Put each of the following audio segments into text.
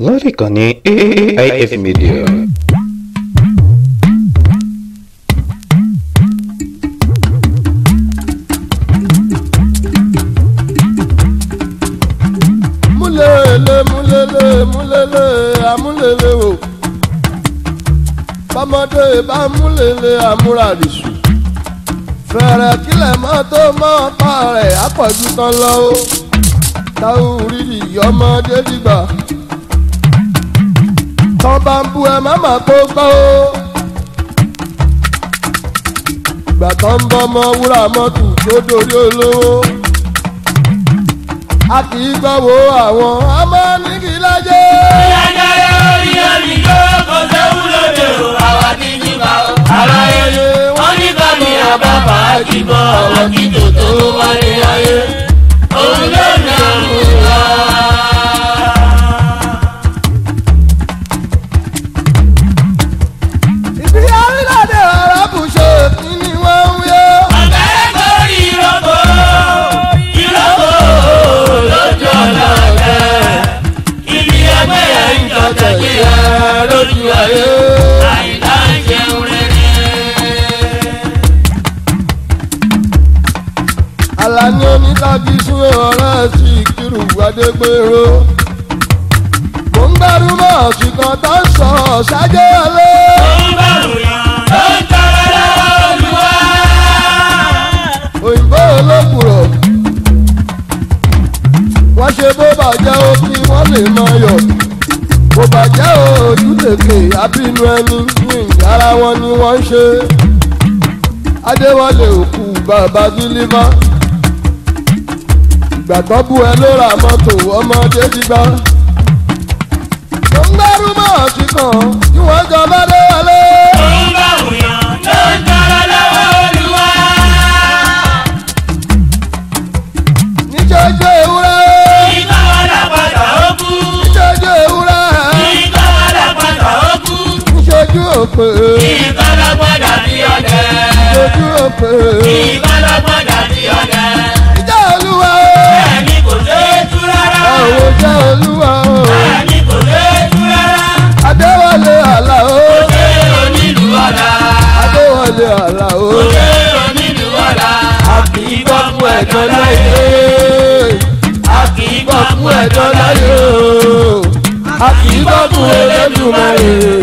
Lórí ìkànnì AIF Media. Mulele, mulele, mulele, amulele o bọ́mọdé bá múlẹ̀lẹ̀ amúradìsù fẹ̀rẹ̀ kílẹ̀ mọ́tò mọ́ta rẹ̀ àpọ̀jù tán lọ́wọ́ táwọn orí ìyọ́mọdé dìgbà tọ́ bá ń bú ẹ má má kó gbọ́ o. ìgbà tó ń bọ́ ọmọ wúrà mọ́tò tó dorí olówó. a kì í gbọ́wọ́ àwọn ọmọ nígi lájẹ́. ìyájá yóò rí omi kó kò sẹ́wù lóde o àwa ní nípa o. àlàyé wọn ní bàmí àbábà àjìbọ̀ àwọn kí tòótọ́ wọlé ayé. òun ló nà án jẹ́kí ẹ lójú ayé. àyìnlá ń jẹun rere. Àlàní onídàájú sún ọ̀rẹ́ sí ìkírù adégbèrò. mo ń gbẹ́rù náà ṣùgbọ́n tó ń sọ ṣáájú ọlẹ́. mo ń gbẹ́rù yàn tó ń tọrọ lọ́wọ́ òyìnbó olókùrọ̀ wọ́n ṣe bó bàjẹ́ ó wọ́n lè máa yọ̀ kò bàjẹ́ ojú tètè abínú ẹni yìnyára wọn ni wọ́n ń ṣe adéwọlé òkú bàbá gílímà ìgbàgbọ́ bú ẹ ló ra mọ́tò ọmọdé gbígbá tó ń gbẹ́rú mọ́ ọ̀tí kan tí wọ́n jọ bá dé wọlé. òpè. Ìkan lọ́gbọ́n dàbí ọ̀dẹ. Lójú òpè. Ìkan lọ́gbọ́n dàbí ọ̀dẹ. Ìjà olúwa o. Ẹ̀mí kò ṣe é tú rárá. Àwọn ìjà olúwa o. Ẹ̀mí kò ṣe é tú rárá. Adéwọlé àlà o. Òkè onílùú ọ̀la. Adéwọlé àlà o. Òkè onílùú ọ̀la. Àbí gbọ́ fún ẹ̀jọ́ láyé kì í gbọ́ fún ẹjọ́ láyé o a kì í gbọ́ fún Elédùmarè.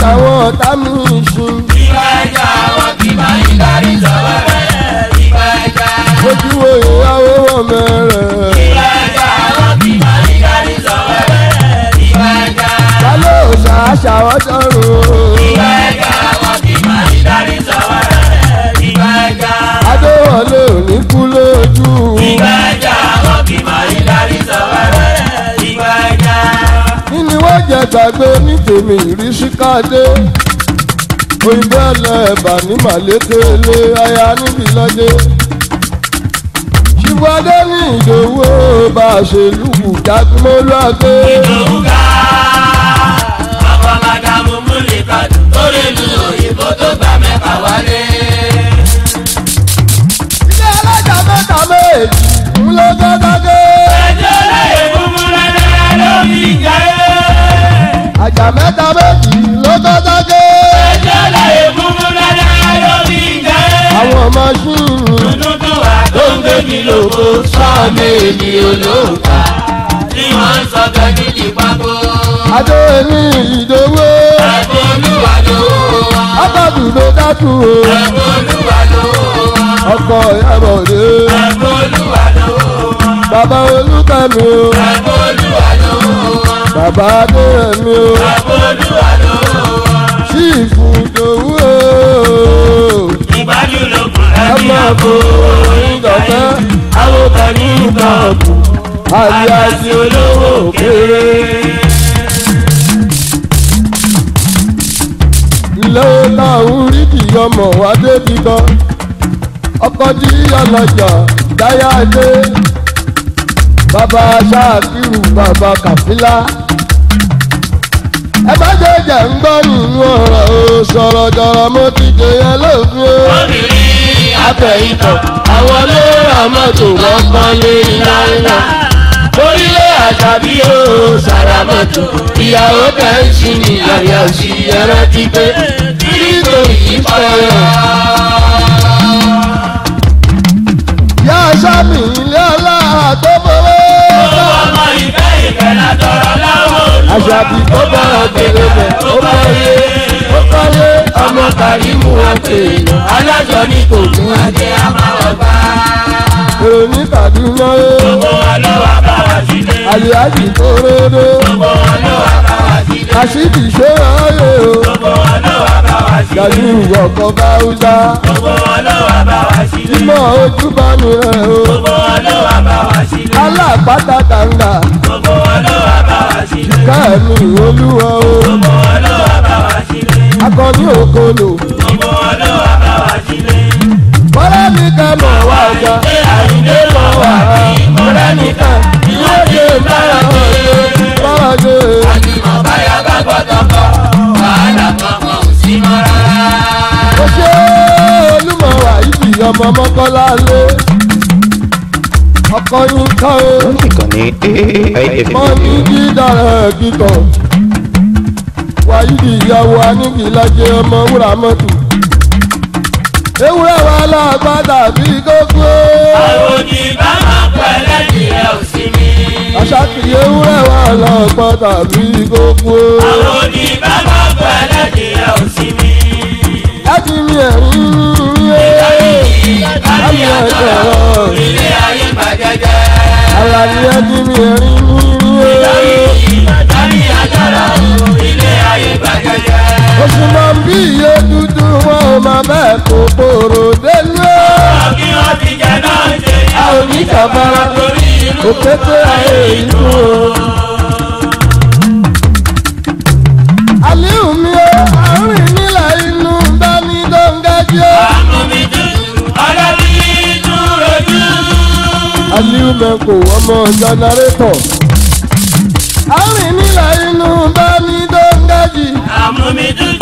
àtàwọn ọ̀tá mi ṣin. èmi ìrísíkádé òyìnbó ẹlẹ́ẹ̀bà ní màlékele aya níbi lọ́jẹ́ ṣùgbọ́n adé ní ìdòwò bá a ṣe lùkù dákúmọ́lú àgbẹ̀. ìdòwú ká. ọmọ ènìyàn ló fà tí wọ́n ń sọ gẹ́gẹ́ ní pákó. adé mi ìdòwò. ẹ̀bùn olúwa lówó wa. ábàbù ló dákú o. ẹ̀bùn olúwa lówó wa. ọkọ ìyàbọ̀ dé. ẹ̀bùn olúwa lówó wa. bàbá olúkàmí o. ẹ̀bùn olúwa lówó wa. bàbá adéyẹmí o. ẹ̀bùn olúwa lówó wa. sí ìfúndòwò gbájú lókun láti àpò ìgbàgbọ́ àwọn kan ní nǹkan ọ̀gùn àyàtì olówó kéré. lọ́la orídì ọmọ wa débi kan ọkọ̀ jí ọlọ́jà dáyà dé bàbá ṣáàkìrù bàbá kàfílà ẹ má ń gbọ́rùn ọ̀rọ̀ o sọ̀rọ̀ jọ̀rọ̀ mo ti jẹyẹ lóògùn o. obìnrin àtẹ̀yìntàn àwọn ló ra mọ́tò wọn kan lé ńláńlá orílẹ̀ àṣàbí o sàràmọ́tò ìyàwó kẹ́ńsì ni àyà òsì ẹ̀rọ ti gbé nítorí ìfọyọ̀. yá aṣá ilé ọlá àtọ́bọ̀ ọmọ ìfẹ́ ìfẹ́ la tọrọ lọ́wọ́ olúwa. àṣàbí tó bọ̀rọ̀ kéré bẹ̀ ó kọ́lé ó kọ́lé ọmọ kàrímù àti èèyàn alájọ ní kò gún adé àmàlọ́gbà. Èrò ní Kaduna yé. Gbogbo wa ló wá bá wa sílé. Àlìyájì kórede. Gbogbo wa ló wá bá wa sílé. Kàṣíkì ṣé ráyè o. Gbogbo wa ló wá bá wa sílé. Gàdúrù ọkàn Báwúsá. Gbogbo wa ló wá bá wa sílé. Ìmọ̀ ojú bá mi rẹ̀ o. Gbogbo wa bá wa sílé. Alápàtà tàǹdà. Gbogbo wa bá wa sílé. Káàmì olúwa o. Gbogbo wa bá wa sílé. Akọni òkolo. Gbogbo wa bá mọ́lá nìkan mọ̀ wá jọ. àyíké àyíké mọ̀ wá bí mọ́lá nìkan ìwé òde bára jẹ. bára jẹ. àjùmọ̀ báyà bá gbọ́dọ̀ kọ́ wàhálà kan mọ̀ ò sí mọ́ rárá. ó ṣe olúmọ̀ wá ibi ọmọ mọ́kànlá lé ọkọ yín ká o. ó ti kàn ní aafm. mọ ní dídára kíkọ wáyé ìyàwó anigi ọmọ wúrà mọ́tò ewúrẹ́ wa lágbá tàbí gógó. àròjì bá máa pẹ̀lẹ́ ìrẹ́ òsínmi. àṣàkì ewúrẹ́ wa lágbá tàbí gógó. àròjì bá máa pẹ̀lẹ́ ìrẹ́ òsínmi. ẹ ti mi ẹ̀ ń rí ẹ́. ìdájí ìdájí àtọ̀rọ̀ ilé ayé bàjẹ́ jẹ́. àlàyé ti mi ẹ̀ ń rí. kòrò délé. ọ̀kí wọn ti jẹ náà ṣe yá. a ò ní kàfàrà torí inú òkété ayé ìlú o. aliu mi o àárín nílẹ̀ inú bá mi dóńgájú. àánú mi dùn ọlọ́bí inú rojú. aliu mẹ kò ọmọ jẹnẹrétọ̀. àárín nílẹ̀ inú bá mi dóńgájú. àmú mi dùn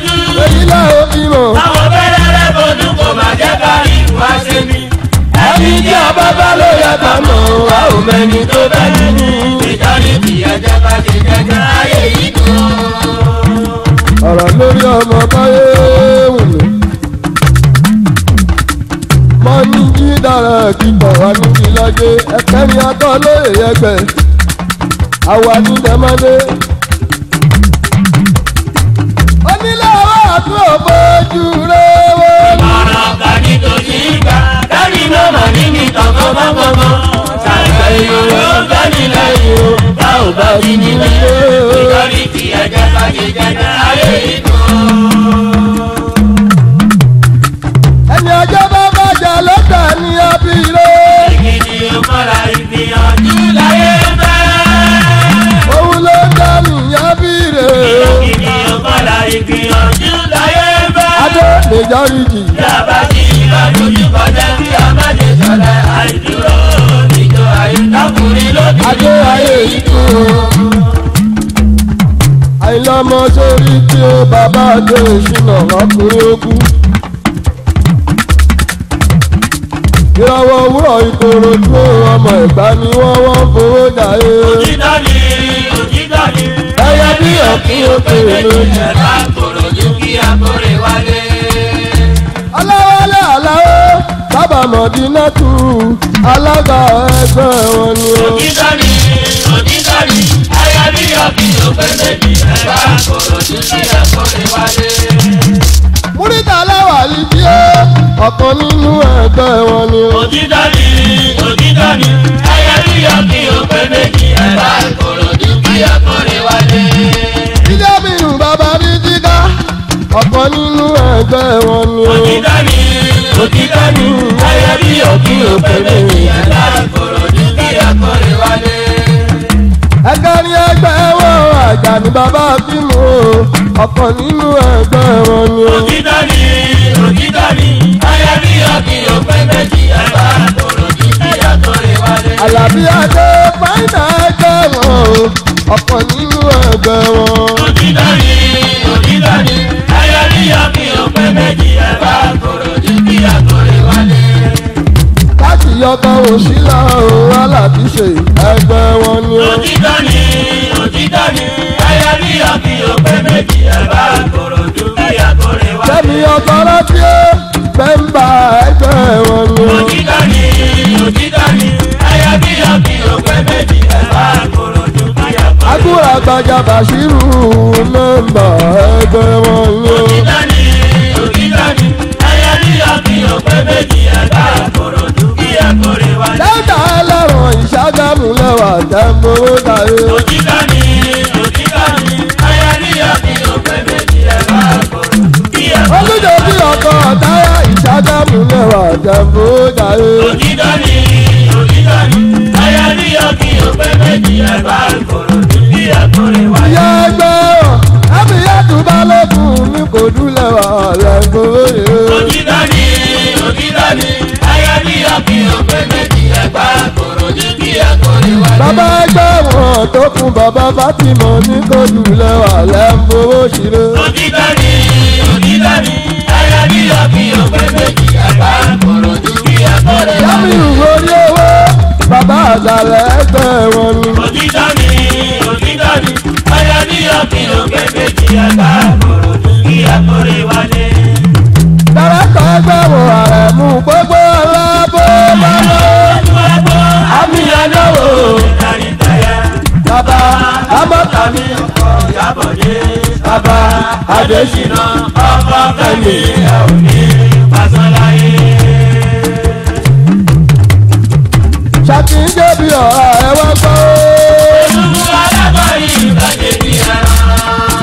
fojú. èyí lẹ́ o bí mọ̀. àwọn bẹ́rẹ̀ rẹ̀ fojú kò má jẹ́ ká ìlú wá sí mi. ẹni tí ọba bá ló yẹ ká mọ̀ wá ò mẹ́ni tó bẹ́ nínú. ìtọ́ni kì í ẹjẹ́ bá ti jẹjẹ́ ayé yìí dùn. ọ̀rọ̀ lórí ọmọ báyé wù mí. mo ní kí dára kíkọ̀ wá ní kí lọ́jẹ́ ẹ̀kẹ́rin atọ́ lóye yẹgbẹ́ àwa ní dẹ́mọ́dé. tó bójú lówó. ìmọ̀ràn ọ̀gá ni tòṣì gbà dárí mọ́mọ́ níbi tọ̀kọ́ bá gbọ́mọ́. ṣàlàyé owó gánilẹ̀ yìí o bá ò bá rí nílẹ̀. ìtọ́rí ti ẹ̀jẹ̀ bá jẹjẹrẹ ayé ìdùn. dáríjì. bí a bá ti lọ lójú kọjá bí a má lè sọ̀rọ̀ àìdúró ìjọ ayé lọ́kùnrin lóbi. adé ayé ìdúró. àìlọ́mọ sórí tí ó bàbá àti òṣìnà ọkùnrin ogun. ìràwọ̀ òwúrọ̀ ìkòròdú ọmọ ìgbà ni wọ́n wọ́n fowó jàre. òjìdá ni òjìdá ni. ẹyẹ bí ọ̀kí òkè lónìí. ẹ̀ka kòròdú kí akórè wálé aláwálẹ̀ aláwọ̀ bàbá mọ̀dínà tù alága ẹgbẹ́ wọn ni. òdìdárì òdìdárì ayárí ọ̀bí òpin méjì ẹ̀ka kò lójú sí ẹ̀kọ́ níwájú. múrítà aláwọ̀ àlìbíyẹ́ ọ̀kan nínú ẹgbẹ́ wọn ni. òdìdárì. bẹ́ẹ̀ wọn ni o. òtítọ́ ni òtítọ́ ni ayé bí òkú òpè méjì aláàkọ̀rọ̀ ní bí akọrin wálé. ẹgbẹ́rin ẹgbẹ́ wo àjà ni bàbá fíìmù o nínú ẹgbẹ́ wọn ni o. òtítọ́ ni òtítọ́ ni ayé bí òkú òpè ò sílá o alábí ṣe ẹgbẹ́ wọn ni ó. òtítọ́ ni òtítọ́ ni ẹyẹ bí ọkì òpé méjì ẹ bá kòrò ju bí àkórè wá. kẹ́mi ọkọ rántí ó bẹ́ńbà ẹgbẹ́ wọn ni ó. òtítọ́ ni òtítọ́ ni ẹyẹ bí ọkì òpé méjì ẹ bá kòrò ju bí àkórè wá. agbóra gbajà bàṣírù. onídọ́ni onídọ́ni aya ní yọkí òpẹ́ méjì ẹ̀bá kòrò bí ẹ̀kúnrin wáyé. ìyá ẹgbẹ́ ọ̀ ẹ̀mí yàtú balógun mi kò dúlẹ̀ wà lẹ́gbọ́. onídọ́ni onídọ́ni aya ní yọkí òpẹ́ méjì ẹ̀bá kòrò bí ẹ̀kúnrin wáyé. bàbá ẹgbẹ́ wọn tó kún bàbá Fátímọ̀ ní kò dúlẹ̀ wà lẹ́gbọ́ òṣèré. onídọ́ni onídọ́ni aya ní yọkí òpẹ́ méjì ẹ̀bá kòrò. àdàlẹ̀ ẹgbẹ́ wọn ni. òtítọ́ ni òtítọ́ ni ọyọ́ ní ọ̀kìlọ̀ pépé kí àgbà àbòrò kí àkórè wálé. dárẹ́kọ̀ ẹgbẹ́ wo ààrẹ mú gbogbo ọlá bó bá lọ. àmì àdáwò ìdánitẹ́yẹ. bàbá amọ́tàmí ọkọ̀ ìyábọ̀dé. bàbá adésínà ọkọ̀ fẹ́mi ẹ̀ ò ní pàṣẹ àti jẹ̀bi ọ̀rá ẹ wá gbọ́. olùkọ́ alábọ̀rí ìgbà jẹ̀bi ara.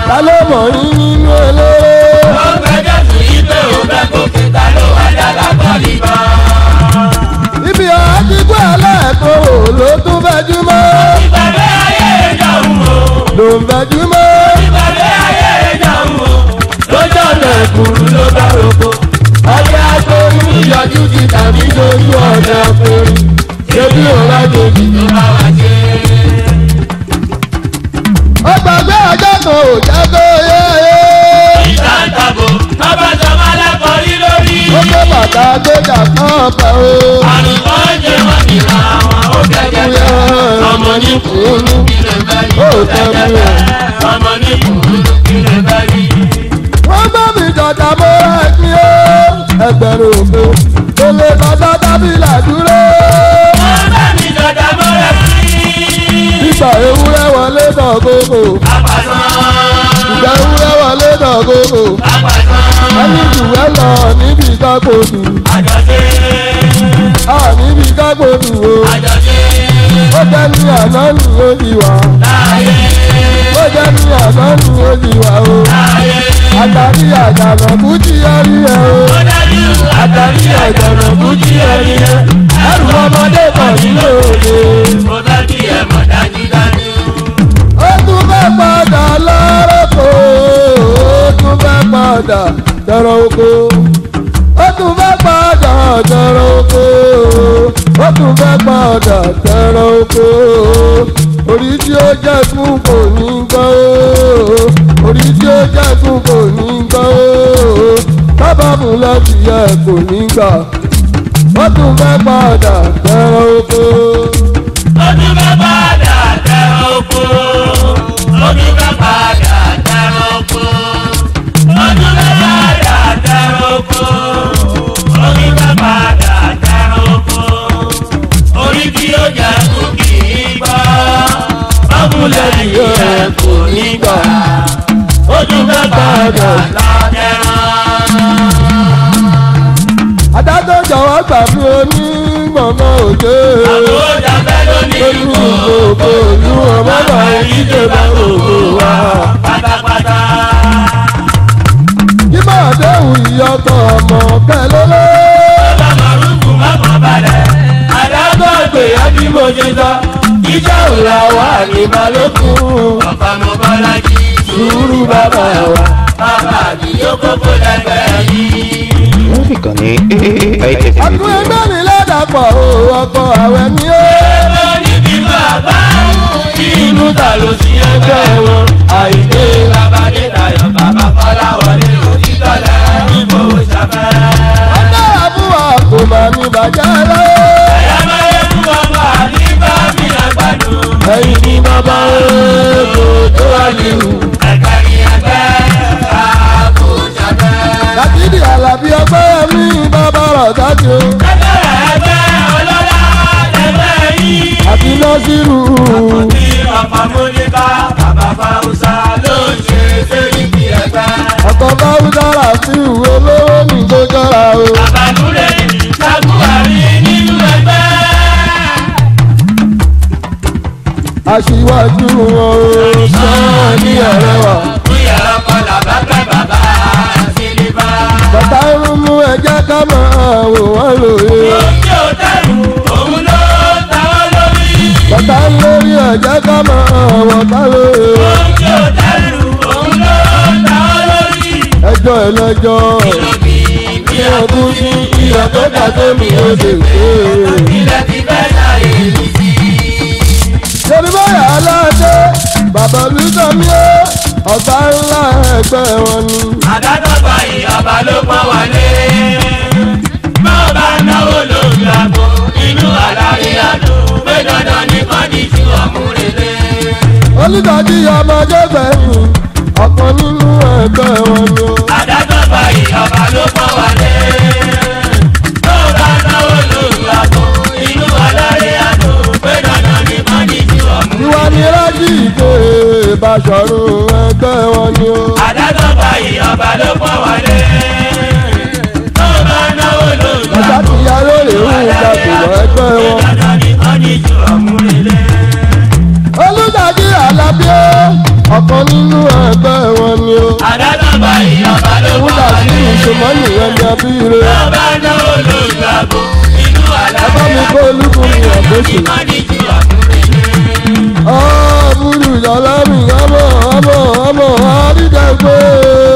ta ló mọ̀ ní nínú eléré. wọ́n gbẹ́jọ́ sí ibẹ̀ òbẹ́ gòkè ta ló wá dá lábọ̀rí bá. ibi ọ̀rá ti gbọ́ ẹlẹ́ẹ̀kọ́ wò ló tún fẹ́jú mọ́. ìbàbẹ́ ayé ẹ̀jọ̀ ń wò. ló ń fẹ́jú mọ́. ìbàbẹ́ ayé ẹ̀jọ̀ ń wò. lójọ́ ọ̀nà ìkùrù ló bá roko. ọjà tó ń yọjú ti tàbí lójú ọ̀nà ìkùrù ṣebí ọ̀rá jèbi tó bá wá ṣe. ó gbàgbé ọjọ́ kan ò jẹ́ kó yé e. ìta ń tàbó bàbá sọmọ alákọ̀ọ́rí lórí. ó gbé bàtà gbéjà kan bẹ̀ o. àrùn kan jẹ wọn ní àwọn ó gẹ́gẹ́ ọmọ ní kùnú kí lè bá yìí gẹ́gẹ́ ọmọ ní kùnú kí lè bá yìí. wọ́n bá mi dọ̀dà mọ́ra ẹ̀kí ó ẹgbẹ̀rún òfin. olè bàbá bábí làdúró. ìgbà ewúrẹ́ wọlé tàn kókò. ìgbà ewúrẹ́ wọlé tàn kókò. ẹni jùwẹ́ lọ níbi kápòdù. a níbi kápòdù o. ó jẹ́ ní àná nù ó ti wà. ó jẹ́ ní àná nù ó ti wà o. àtàrí àjànà kú ti ẹrí ẹ o. àtàrí àjànà kú ti ẹrí ẹ. ẹrù ọmọdé kan nílò òde fẹ́ padà lárúkọ ó tún fẹ́ padà jọrọ oko ó tún fẹ́ padà jọrọ oko ó tún fẹ́ padà jọrọ oko orí tí ó jẹ́ fún kò ní gbọ́ orí tí ó jẹ́ fún kò ní gbọ́ sábàbù láti yẹ kò ní gbà ó tún fẹ́ padà jọrọ oko. ó ọdún bá padà dárọ́kọ. ọdún bá padà dárọ́kọ. ọdún bá padà dárọ́kọ. orí tí ó jà fún kì í gbọ́. ọkùnrin lẹ́yìn adájọ́ jọ̀wọ́ gbà ọmọ òjò. àbójà bẹ́ẹ̀ ló ní ìlú gbogbo ìlú ọmọ bá ìdíje bá gbogbo wa pátápátá. ìmọ̀ àdéhùn ìyọ̀tọ̀ ọmọ kẹlẹ́lẹ́. bàbá màrúkú má má balẹ̀ àdájọ́ ìgbéyàwó mo ṣe sọ ìjà òlà wà ní balógun. bàbá mo bọ́lá jí sùúrù bàbá wa bàbá mi yóò kókó dàgbà yìí lórí ìkànnì AAA. ọdún ẹgbẹ́ mi ládàpọ̀ ọkọ̀ àwẹ̀ mi ó. ẹgbẹ́ níbi bàbá ìlú ta ló ti ẹgbẹ́ wọn àìdè bàbá dé tayọ̀ bàbá fọláwọlé onítọ̀lẹ̀ ìbò ṣàfẹ́. ọ̀dọ́ àbúrò kò mà ní bàjẹ́ lọ. ẹ̀yà máa mi bàbá rọ̀gá tí o. ẹgbẹ́rẹ́ ẹgbẹ́ ọlọ́lá ẹgbẹ́ yìí. àti lọ́sírù. àkùntì ọ̀pá mọ́níkà bàbá fáwùsà ló ṣe sẹ́ríkì ẹgbẹ́. ọ̀pọ̀ fáwùsà rà sí ìwé lówó mi tó jọra o. àbàdúrẹ́ ìṣàgùwárí nínú ẹgbẹ́. aṣíwájú wọn o sọ́ọ́ ní ẹ̀rẹ́ wa. bóyá ọkọ̀ làbá pẹ́ bàbá sílíbà. bàbá wò wọ́n lóye. lókè ò dẹrù òun ló ta wá lórí. bàtà lórí ọ̀jẹ̀ ká mọ̀ wọ́n ká lóye. lókè ò dẹrù òun ló ta wá lórí. ẹjọ́ ẹ lọ́jọ́. ìlòkì bí ọdún sí iyọ̀ tó dà sómi ó lè pé. ilẹ̀ ti bẹ́ láyé mi yorùbá yàrá dé bàbá olùsọ̀mí ó ọba ńlá ẹgbẹ́ wọn ni. àdádọ́gba yìí ọba ló pọ́n wọlé náwó ló ń gbàgbọ́ inú àlárí àdó pé dandan ní kọ́ni tí ọmúrelé. olùdarí ọmọdé bẹ̀rù ọ̀kan nínú ẹgbẹ́ wọn ni o. adájọ́ báyìí ọba ló pọ̀ wálé. tó bá náwó ló ń gbàgbọ́ inú àlárí àdó pé dandan ní kọ́ni tí ọmúrelé. ni rájì ìgbé ìbáṣọ̀rùn ẹgbẹ́ wọn ni o. adájọ́ báyìí ọba ló pọ̀ wálé. ẹgbẹ́ wọn. olùdarí alábí ọ̀kan nínú ẹgbẹ́ wọn ni o. àdádọ́gba ìyọba ló wà wálé. olùdarí ìṣòmọ́nì ẹni abíire. lọ́ba náà olùgbàgbọ́ inú alábí. ẹ̀bá mi kó olúkúmi ọ̀gbẹ́sì. ọ̀ọ́ burú ìdálẹ́mì ọmọ ọmọ ọmọ àdídẹ́gbẹ́.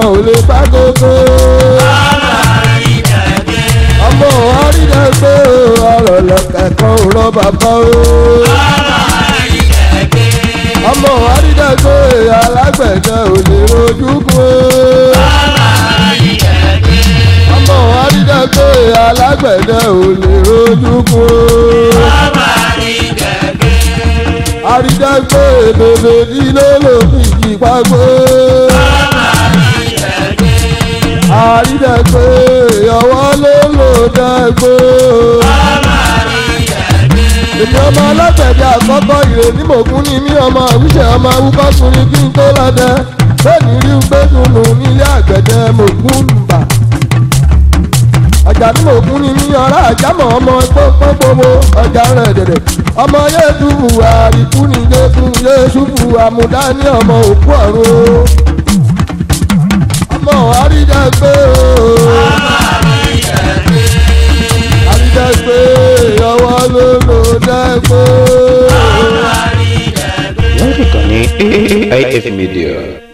kan ò lè bá gógó. bàbá àrídàgbé. ọmọ àrídàgbé ọ̀rọ̀ lọ́kà kan ò rọ bàbá o. bàbá àrídàgbé. ọmọ àrídàgbé alágbẹ̀dẹ ò lè rojú kú. bàbá àrídàgbé. ọmọ àrídàgbé alágbẹ̀dẹ ò lè rojú kú. bàbá àrídàgbé. àrídàgbé bèbè ní lọ́lọ́ fi yí pa gbé àrídẹ́gbẹ́ ọwọ́ ló lò dẹ́gbẹ́. ọmọ àrídẹ́gbẹ́. èmi ọmọ alágbẹ̀dẹ àkọ́kọ́ ìrè ní mògún ni mí ọmọ àwùjẹ ọmọ awúbọ́sùnrin kí n tó lọ́dẹ lónìí rí gbẹ́dùnú nílé àgbẹ̀dẹ mògún nùbà. ọjà ní mògún ni mí ọ̀rá àjámọ̀ ọmọ pọ́npọ́n gbogbo ọjà rẹ̀ dẹ̀dẹ̀ ọmọ yéésù àríkú ni yéésù yéésù àmúdá ní ọmọ òkú ọ̀run bọ̀ àrídẹ́gbé o. àrídẹ́gbé ìyàwó lólo dẹ́gbé. lásìkò ní AIF Media.